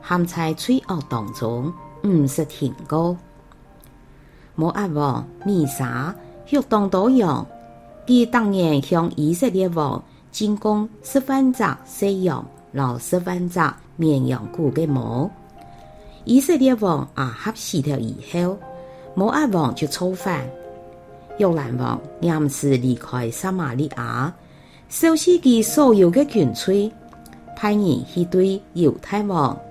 .含菜、翠玉當中，唔、嗯、食挺高，摩阿王面耍欲當導樣。佢當年向以色列王進攻十番扎西洋老十番扎綿羊谷嘅羊。以色列王也、啊、合死咗以後，摩阿王就造反。約蘭王兩次離開撒瑪利亞，收起佢所有的軍催，派人去對猶太王。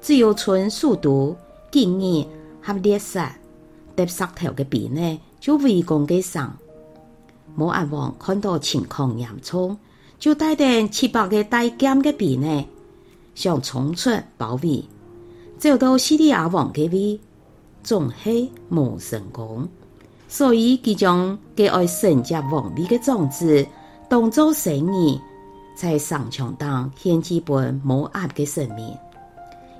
只有存速度、經驗合劣勢，搭石頭的兵呢，就圍攻佢上。摩押王看到情況嚴重，就帶點七百個帶劍的兵呢，想衝出包圍，走到西里亞王嘅位，總係冇成功。所以佢將佢愛孫接王位的種子，當作死意，在上強當獻祭本武壓的生命。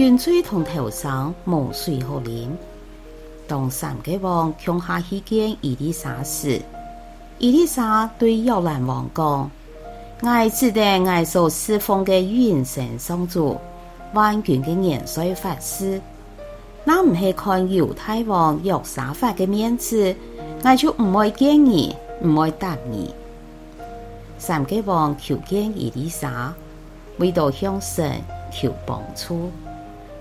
元帥同頭上無水好飲，當三個王共下去見以利沙時，以利沙對約蘭王講：愛子的愛受釋放嘅運神相助，萬卷嘅鹽水法師，那唔係看猶大王約沙法嘅面子，矮就唔愛驚你唔愛答你。三個王求見以利沙唯獨向神求幫助。